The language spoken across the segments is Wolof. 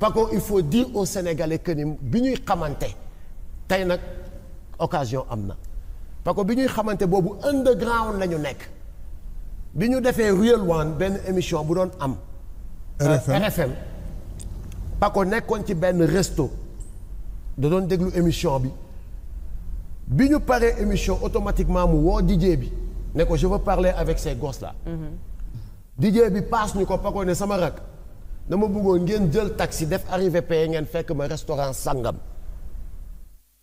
Paco il faut dire au Sénégalais que ni bi ñuy xamante tey nag occasion am na Paco bi ñuy xamante boobu underground la ñu nekk bi ñu defee Real One benn émission bu doon am. Euh, RFM RFM. nekkoon ci benn resto da doon déglu émission bi bi ñu paree émission automatiquement mu woo DJ bi nekko ko je veux parler avec ces gosses là. Mm-hmm. DJ bi paas ñu ko Paco ne sama rak. dama bëggoon ngeen jël taxi def arrivé paye ngeen fekk ma restaurant sangam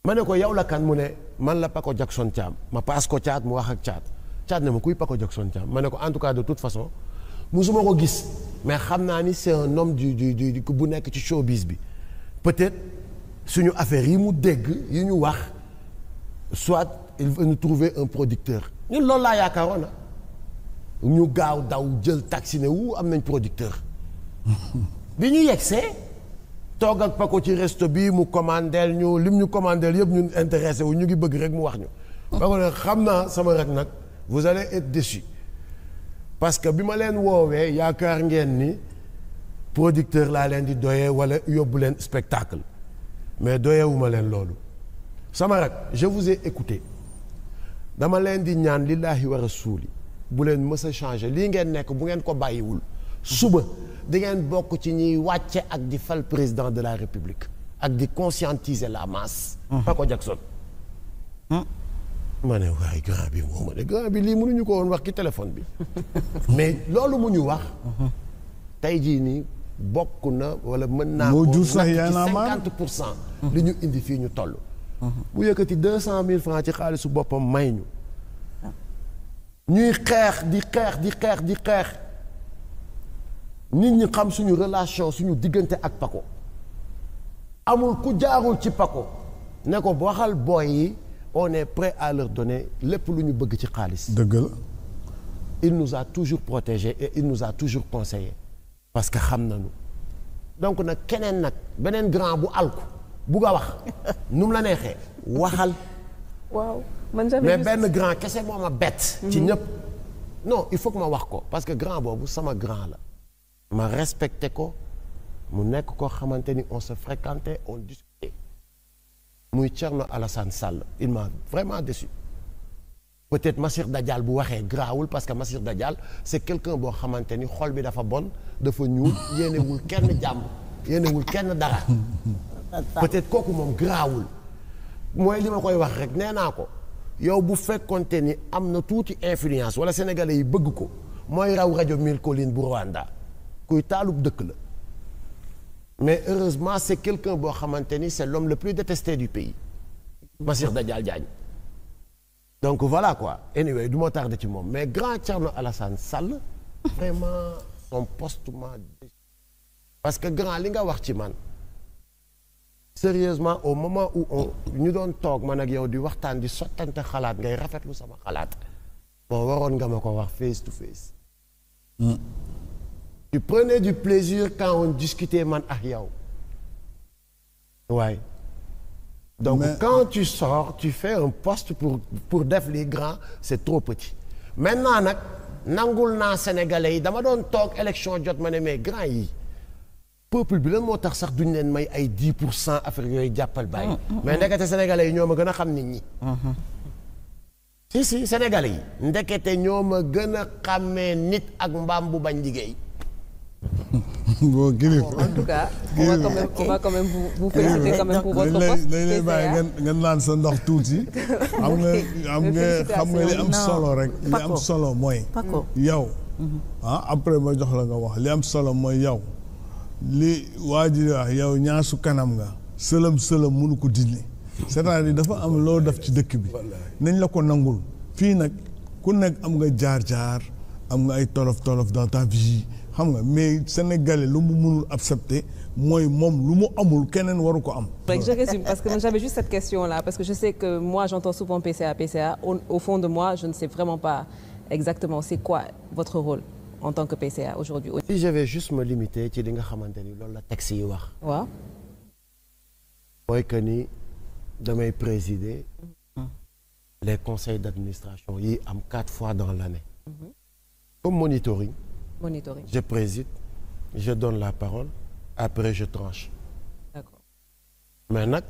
ma ne ko yow la kan mu ne man la Paco Jackson Thiam ma paas ko caat mu wax ak caat caat ne ma kuy Paco Jackson Thiam ma ne ko en tout cas de toute façon musuma ko gis mais xam naa ni c'est un homme du du du bu nekk ci showbiz bi peut-être suñu affaire yi mu dégg yi ñu wax soit il va nous trouver un producteur ñun loolu laa yaakaaroon na ñu gaaw daw jël taxi ne wu am nañ producteur bi ñu yegsee toog ak pako ci resto bii mu commandeel ñu lim ñu commandeel yëpp ñun intéressé wu ñu ngi bëgg rek mu wax ñu. pako ne xam naa sama rek nag vous allez être déçus parce que bi ma leen woowee yaakaar ngeen ni producteur laa leen di doyee wala yóbbu leen spectacle mais doyewuma leen loolu sama rek je vous ai écouté dama leen di ñaan lillaahi wa suuli bu leen mës a changé lii ngeen nekk bu ngeen ko bàyyiwul. suba di ngeen bokk ci ñuy wàcce ak di fal président de la république ak di conscientiser la masse. Mm-hmm. Paco Jackson. Mm-hmm. ma ne waaye grand bi moo ma ne grand bi lii mënuñu ko woon wax ci téléphone bi mais loolu mu ñu wax. Mm-hmm. tey jii nii bokk na wala mën naa. moo jur sax cinquante pour cent. li ñu indi fii ñu toll. mu yëkkati deux cent mille francs ci xaalisu boppam may ñu. Ah. ñuy xeex di xeex di xeex di xeex. nit ñi xam suñu relation suñu diggante ak Paco amul ku jaarul ci Paco ne ko waxal booy yi on est prêt à leur donner lépp lu ñu bëgg ci xaalis. dëgg la. il nous a toujours protéger et il nous a toujours conseillés parce que xam nañu donc nag keneen nag beneen grand bu alku bugg a wax nu mu la neexee waxal. waaw man mais benn grand kese moo a bett. ci mhm. ñëpp non il faut que ma wax ko parce que grand boobu sama grand la. ma respecté ko mu nekk koo xamante ni on se fréquentait on discutait muy Thierno Alassane Sall il m'a vraiment su peut-être Massir Dadial bu waxee grawul parce que Massir Dadial c'est quelqu'un boo xamante ni xol bi dafa bon dafa ñuul yéenewul kenn jàmb yéenewul kenn dara peut-être kooku moom grawul mooy li ma koy wax rek nee naa ko yow bu fekkonte ni am na tuuti influence wala sénégalais yi bëgg ko mooy raw rajo Mille Collines bu Rwanda kuy taalub dëkk la mais heureusement c'est quelqu'un boo xamante ni c'est l'homme le plus détesté du pays Massir Dadial Diagne donc voilà quoi anyway du ma tardé ci moom mais grand Thierno Alassane Sall vraiment son poste m'a parce que grand li nga wax ci man sérieusement au moment où on ñu doon toog man ak yow di waxtaan di sottante xalaat ngay rafetlu sama xalaat bon waroon nga ma ko wax face to face hmm. tu prenais du plaisir quand on discutait man ak yow waaye donc Mais... quand tu sors tu fais un poste pour pour def les grands c'est trop petit maintenant nag nangul naa sénégalais yi dama doon toog élection jot ma ne mais grand yi peuple bi lan moo tax sax duñ leen may ay 10 pour cent affaire yooyu jàppal bàyyi mm, mm, mais mm. ndekete sénégalais yi ñoo ma gën a xam nit ñi mm-hmm. si si sénégalais yi ndekete ñoo ma gën a xàmmee nit ak mbaam bu bañ liggéey bon Griff. en tout cas on lay bàyyi ngeen naan sa ndox tuuti. am nga xam nga li am solo rek. li am solo mooy. yow. Mhm. ah après ma jox la nga wax li am solo mooy yow. li waa ji wax yow ñaasu kanam nga. sëlëm sëlëm mënu ko dindi. c'est-à-dire dafa am loo def ci dëkk bi. nañ la ko nangul. fii nag ku nekk am nga jaar jaar. am nga ay tolof tolof dans ta vie xam nga mais sénégalais lu mu mu mënul accepter mooy moom lu mu amul keneen waru ko am. je résume parce que j'avais juste cette question là parce que je sais que moi j'entends souvent PCA PCA au, au fond de moi je ne sais vraiment pas exactement c'est quoi votre rôle en tant que PCA aujourd'hui si je vais juste me limiter ci li nga xamante ni loolu la texte yi wax. waaw. que ni damay présider. les conseils d'administration yi am quatre fois dans l'année. Mm-hmm. comme monitoring. monitoring je préside je donne la parole après je tranche. d'accord mais nag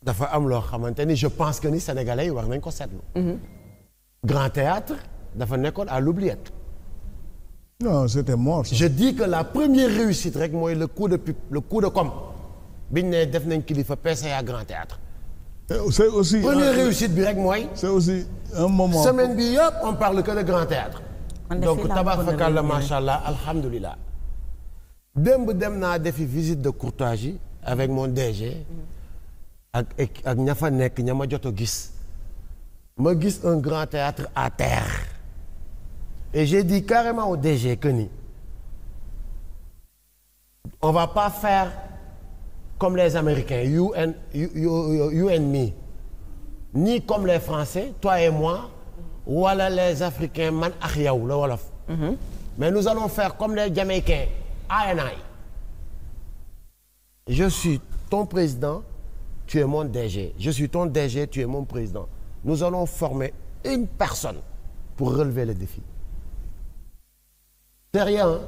dafa am loo xamante ni je pense que ni sénégalais yi war nañ ko seetlu. Mhm. grand théâtre dafa nekkoon à l'oubliette. non c'était mort. Ça. je dis que la première réussite rek mooy le coup de pub le coup de com bi ñu nee def nañ kilifa PCA grand théâtre. Eh, c'est aussi première réussite bi rek mooy. c'est aussi un semaine bi yëpp on parle que de grand théâtre donc tabaarkalla macha allah alhamdulilah. démb dem naa defi visite de courtoisie yi avec mon DG. ak ak ña fa nekk ña ma jot a gis. ma gis un grand théâtre à terre. et j'ai dit carrément au DG que ni. on va pas faire. comme les Américains you and you, you, you ni comme les Français toi et moi wala les Africains man ak yow la wolof. Mhm. mais nous allons faire comme les Jamaïcains I je suis ton président tu es mon DG je suis ton DG tu es mon président nous allons former une personne pour relever le défi. c'est rien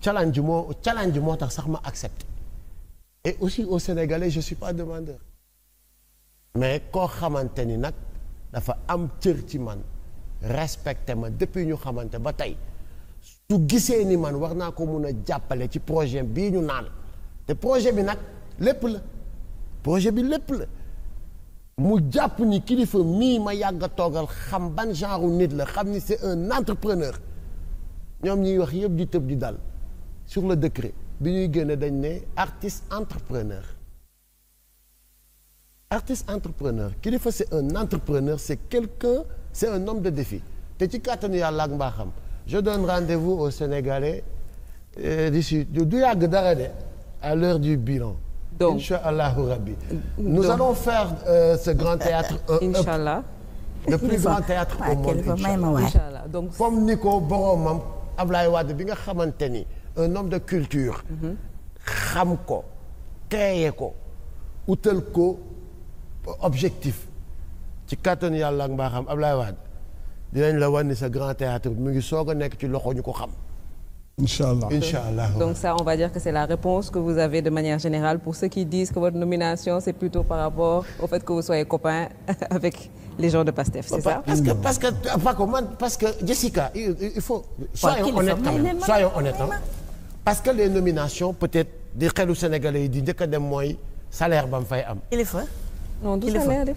challenge moo tax sax ma aussi au Sénégalais je suis pas demandeur mais koo xamante ni nag dafa am cër ci man respecté ma depuis ñu xamante ba tey su gisee ni man wax naa ko mun a jàppale ci projet bii ñu naan te projet bi nag lépp la projet bi lépp la mu jàpp ni kilifa mii ma yàgg a toogal xam ban genre nit la xam ni c'est un entrepreneur ñoom ñuy wax yëpp di tëb di dal sur le décret bi ñuy génne dañ ne artiste entrepreneur artiste entrepreneur kilifa c'est un entrepreneur c'est quelqu'un c'est un homme de défi te ci kàttanu yàlla ak mbaaxam je donne rendez-vous aux Sénégalais euh, d'ici du yàgg dara de à l'heure du bilan donc incha allahu nous allons faire euh, ce grand théâtre un allah le plus grand théâtre au monde incha donc comme ni ko boromam Ablaye Wade bi nga xamante ni un homme de culture. xam ko teeye ko utal ko objectif ci kàttan yàlla ak mbaaxam Ablaye Wade dinañ la wan ni sa grand théâtre mu ngi soog a nekk ci loxo ñu ko xam. incha allah incha allah donc ça on va dire que c'est la réponse que vous avez de manière générale pour ceux qui disent que votre nomination c'est plutôt par rapport au fait que vous soyez copain avec les gens de Pastef c'est ça. parce que parce que Paco que Jessica il faut. soyons honnêtes parce que les nominations peut-être di xelu sénégalais yi di njëkk a dem mooy salaire ba mu fay am. kilifa non du salaire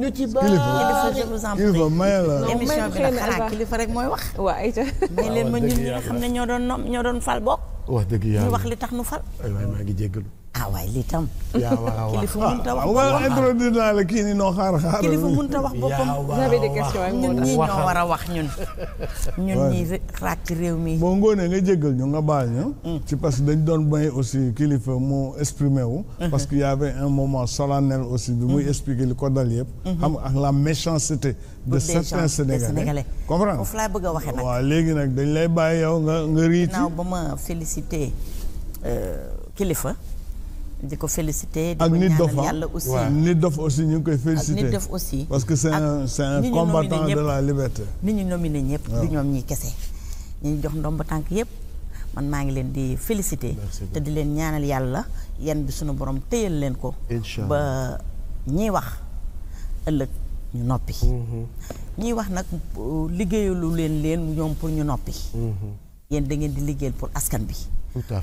ñu ci bari kilifa kilifa maye la. émission bi nag xanaa kilifa rek mooy wax. waa ayca mais leen ma ñun ñi nga xam ne ñoo doon ñoo doon fal bokk. wax dëgg yàlla ñu wax li tax nu fal. aywa maa ngi jéggalu. ah waay tam. yaa ah, waaw kilifa mënut a wax waaw introduire naa la kii nii noo xaar xaar. kilifa mënut a war a wax ñun. ñun ñii raak ci réew mi. bon ngoonee nga jéggal ñu nga baal ñu. Mm. ci parce que dañ doon may aussi kilifa mu exprimer wu. Mm-hmm. parce que y avait un moment solennel aussi bi muy mm-hmm. expliquer li ko dal yëpp. Mm-hmm. xam ak la méchanceté. de certains sénégalais comprendre foofu laa bëgg a waxee nag. waaw léegi nag dañ lay bàyyi yow nga nga riiti. naaw ba ma félicité euh, kilifa. ko féliciter. ak nit dof yàlla aussi nit dof aussi ñu ngi koy aussi. parce que c'est un c'est un combattant ñu nominé ñëpp du ñoom ñi kese. ñu jox ndomb tànk yëpp man maa ngi leen di félicité te di leen ñaanal yàlla yan bi suñu borom téyal leen ko. ba ñiy wax ëllëg ñu noppi. Mm-hmm. ñiy wax nag liggéeyalu leen leen ñoom pour ñu noppi. Mm-hmm. yéen da ngeen di liggéeyal pour askan bi.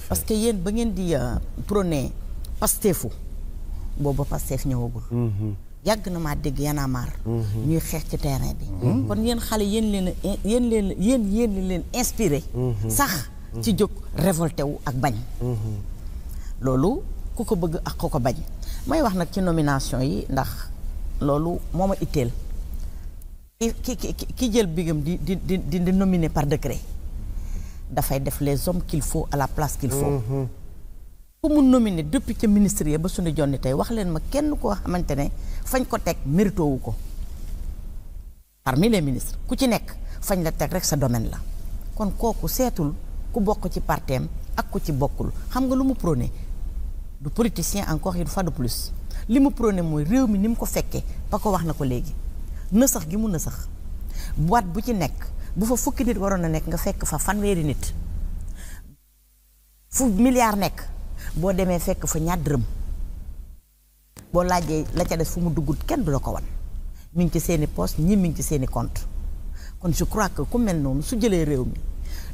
parce que yéen ba ngeen di euh, prôné. pasteefu booba pasteef ñëwagul. Mhm. yàgg na maa dégg Y'en mhm. ñuy xeex ci terrain bi. Mhm. kon yéen xale yéen leen yéen leen yéen yéen leen inspiré. sax ci jóg révolté wu ak bañ. loolu ku ko bëgg ak ku ko bañ may wax nag ci nomination yi ndax loolu moo ma itteel. ki ki ki jël bigam di di di di nominer par décret dafay def les hommes qu'il faut à la place qu'il faut. ku mu nominé depuis ca ministre ya ba suñu jonni tey wax leen ma kenn koo xamante ne fañ ko teg mérito wu ko parmi les ministres ku ci nekk fañ la teg rek sa domaine la kon kooku seetul ku bokk ci parteem ak ku ci bokkul xam nga lu mu prôné du politicien encore une fois de plus li mu prôné mooy réew mi ni mu ko fekkee ba ko wax na ko léegi nësax gi mu nësax boîte bu ci nekk bu fa fukki nit waroon a nekk nga fekk fa fanweeri nit fu milliard nekk boo demee fekk fa ñaar dërëm boo laajee la ca des fu mu dugg kenn du la ko wan mi ngi ci seeni poste ñi mi ngi ci seeni compte kon je crois que ku mel noonu su jëlee réew mi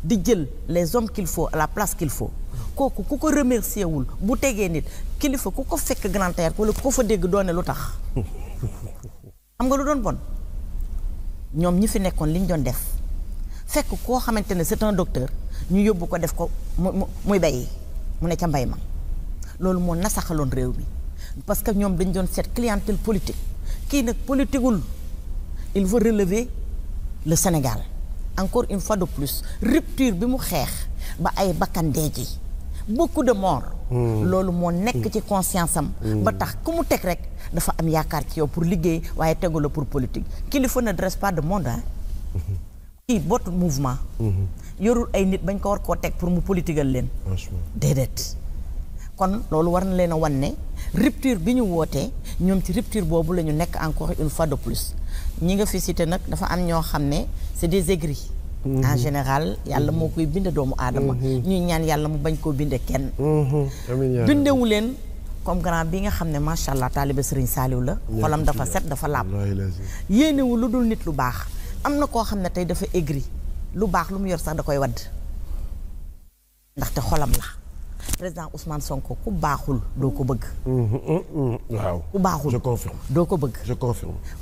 di jël les hommes qu'il la place qu'il kooku ku ko remercier wul bu tegee nit kilifa ku ko fekk Grand Théâtre wala ku ko fa dégg doone lu tax xam nga lu doon bon ñoom ñi fi nekkoon li ñu doon def fekk koo xamante ne c'est un docteur ñu yóbbu ko def ko mu muy bay mu ne ca mbay ma loolu moo nasaxaloon réew mi parce que ñoom dañ doon seet clientèle politique kii nag politiqueul il veut relever le Sénégal encore une fois de plus rupture bi mu xeex ba ay bakkan dee ji beaucoup de morts. Hmm. loolu moo nekk ci conscience am. Hmm. Hmm. ba tax ku mu teg rek dafa am yaakaar ci yow pour liggéey waaye tegula pour politique kilifa ne dresse pas de monde kii botu mouvement. yorul ay nit bañ ko war koo teg pour mu politigal leen. déedéet. kon loolu war na leen a wan ne rupture bi ñu wootee ñoom ci rupture boobu la ñu nekk encore une fois de plus ñi nga fi cité nag dafa am ñoo xam ne c'est des aigris mm-hmm. en général yàlla moo mm-hmm. koy bind doomu aadama mm-hmm. ñuy ñaan yàlla mu bañ koo bindee kenn bindewu leen comme grand bi nga xam ne macha allah taaliba Serigne saaliw la xolam dafa set dafa làpp yéenewu lu dul nit lu baax am na koo xam ne tey dafa aigri lu baax lu mu yor sax da koy wadd ndaxte xolam la président Ousmane Sonko ku baaxul doo ko bëgg. Mm, mm, mm, ku baaxul je doo ko bëgg. je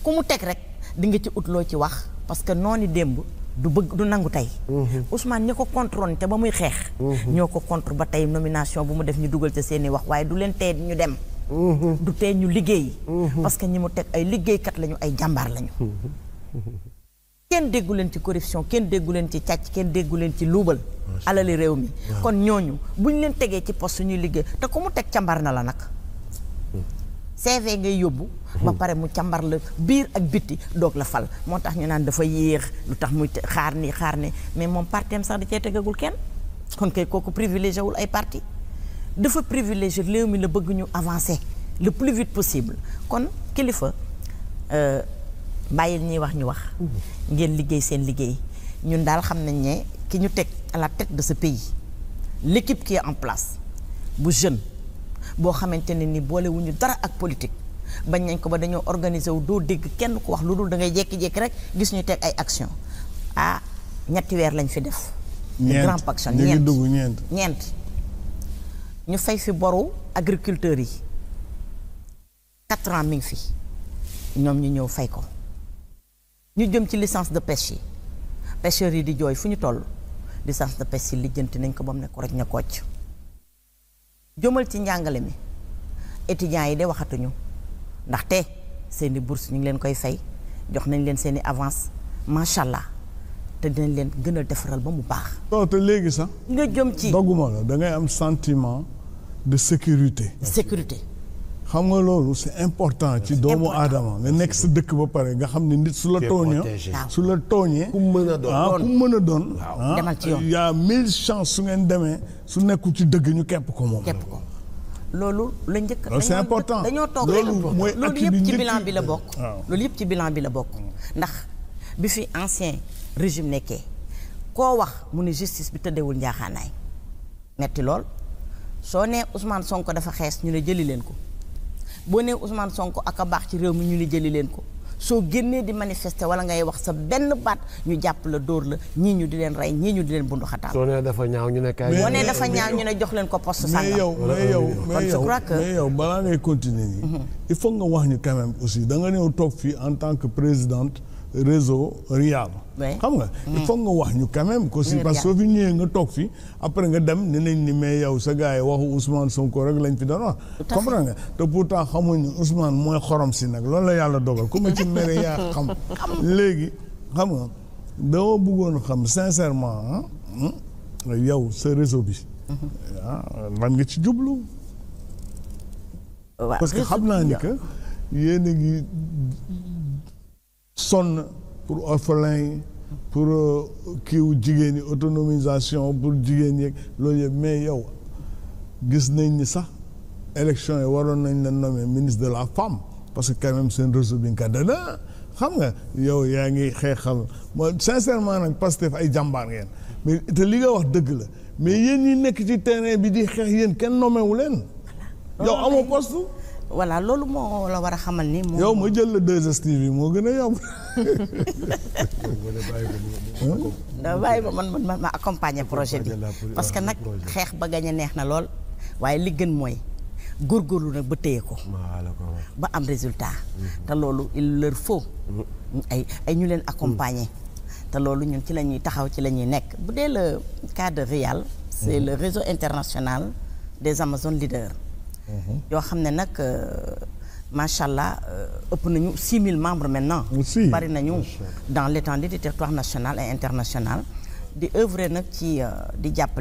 ku mu teg rek di nga ci ut loo ci wax parce que noonu démb. du bëgg du nangu tey. Mm-hmm. Ousmane ñi ko contrôle te ba muy xeex. Mm-hmm. ñoo ko contre ba tey nomination bu mu def ñu dugal ca seeni wax waaye du leen tee ñu dem. Mm-hmm. du tee ñu liggéey. parce que ñi mu teg ay liggéeykat lañu ay jàmbaar lañu. kenn déggu leen ci corruption kenn dégguleen ci càcc kenn déggu ci luubal alali réew mi kon ñooñu bu ñu leen tegee ci poste ñuy liggéey te ko mu teg cambar na la nag hmm. CV ngay yóbbu hmm. ba pare mu càmbar la biir ak bitti doog la fal moo tax ñu naan dafa yéex lu tax muy xaar ni xaar ne mais moom parteem sax da cee tegagul kenn kon kay kooku privilégié wul ay parti dafa privilégié réew mi la bëgg ñu avancé le plus vite possible kon kilifa euh, bàyyil ñuy wax ñu wax. ngeen liggéey seen liggéey ñun daal xam nañ ne ki ñu teg à la tête de sa pays l'équipe qui est en place bu jeune boo xamante ne ni boolewuñu dara ak politique. bañ nañ ko ba dañoo organiser wu doo dégg kenn ku wax lu dul dangay ngay jékki-jékki rek gis ñu teg ay action ah ñetti weer lañ fi def. ñeent grand action ñeent ñeent. ñeent ñu fay fi boru agriculteurs yi quatre ans mi fi ñoom ñu ñëw fay ko. ñu jëm ci licence de pêche yi pêcheurs yi di jooy fu ñu toll licence de pêche yi lijjanti nañ ko ba mu ne ko rek ña kocc jëmal ci njàngale mi étudiants yi de waxatuñu ndaxte seeni bourse ñu ngi leen koy fay jox nañ leen seeni avance macha allah te dinañ leen gën a defaral ba mu baax. non te léegi sax. nga jëm ci. dogguma la da ngay am sentiment de sécurité. sécurité. xam nga loolu c'est important ci doomu aadama nga nekk sa dëkk ba pare nga xam ne nit su la tooñee su la tooñee ku mën a doon ah, ku mën a doon ah, y a mille chances su ngeen demee su nekkul ci dëgg ñu kepp ko moom loolu la njëkk c'est important dañoo toog loolu yëpp ci bi la bokk loolu yëpp ci bilan bi la bokk ndax bi fi ancien régime nekkee koo wax mu ne justice bi tëddewul njaaxaanaay metti lool soo nee Ousmane Sonko dafa xees ñu ne jëli leen ko boo nee Ousmane Sonko ak a baax ci réew mi ñu li jëli leen ko soo génnee di manifester wala ngay wax sa benn baat ñu jàpp la dóor la ñii ñu di leen rey ñii ñu di leen bundu xataal. soo nee dafa ñaaw ñu ne kaay. boo nee dafa jox leen ko poste sàngam. mais yow mais yow mais yow mais yow balaa ngay continuer nii. Mhm. il faut nga wax ñu quand même aussi da nga toog fii en tant que présidente. réseau Riyal. xam nga. il mm. nga wax ñu quand même. aussi parce soo fi ñëwee nga toog fi après nga dem ni nañ ni mais yow sa gars yi waxu Ousmane Sonko rek lañ fi doon wax. comprendre nga te pourtant xamuñ ne Ousmane mooy xorom si nag loolu la yàlla dogal ku ma ci mere yaa xam. léegi xam nga dama bëggoon xam sincèrement ah, hmm, yow sa réseau bi. Mm-hmm. Ah, lan nga ci jublu. parce que xam naa ni que yéen a sonn pour orphelin yi pour euh, kiiw jigéen ñi autonomisation pour jigéen ñi loolu yëpp mais yow gis nañ ni sax élection yi waroon nañ la nommer ministre de la femme parce que quand même seen réseau bi nga dana xam nga yow yaa ngi xeexal mooy sincèrement nag Pastef ay jàmbaar ngeen mais te li nga wax dëgg la mais yéen ñi nekk ci terrain bi di xeex yéen kenn nomewu leen yow oh, amoo poste voilà loolu moo la war a xamal ni. moom yow ma jël la 2STV bi moo gën a yomb. da bàyyi ba man ma accompagner projet bi parce que nag xeex ba gañ a neex na lool waaye li gën mooy góorgóorlu nag ba téye ko. ba am résultat. te loolu il leur faut. ay ay ñu leen accompagner. te loolu ñun ci la ñuy taxaw ci la ñuy nekk bu dee la cadre de Rial. c'est mhm. le réseau international des Amazones leaders. Mm-hmm. yoo xam ne nag euh, macha allah euh, ëpp nañu 6000 membres maintenant. aussi bari nañu dans l'étendue du territoire national et international. di œuvrer nag ci euh, di jàppale.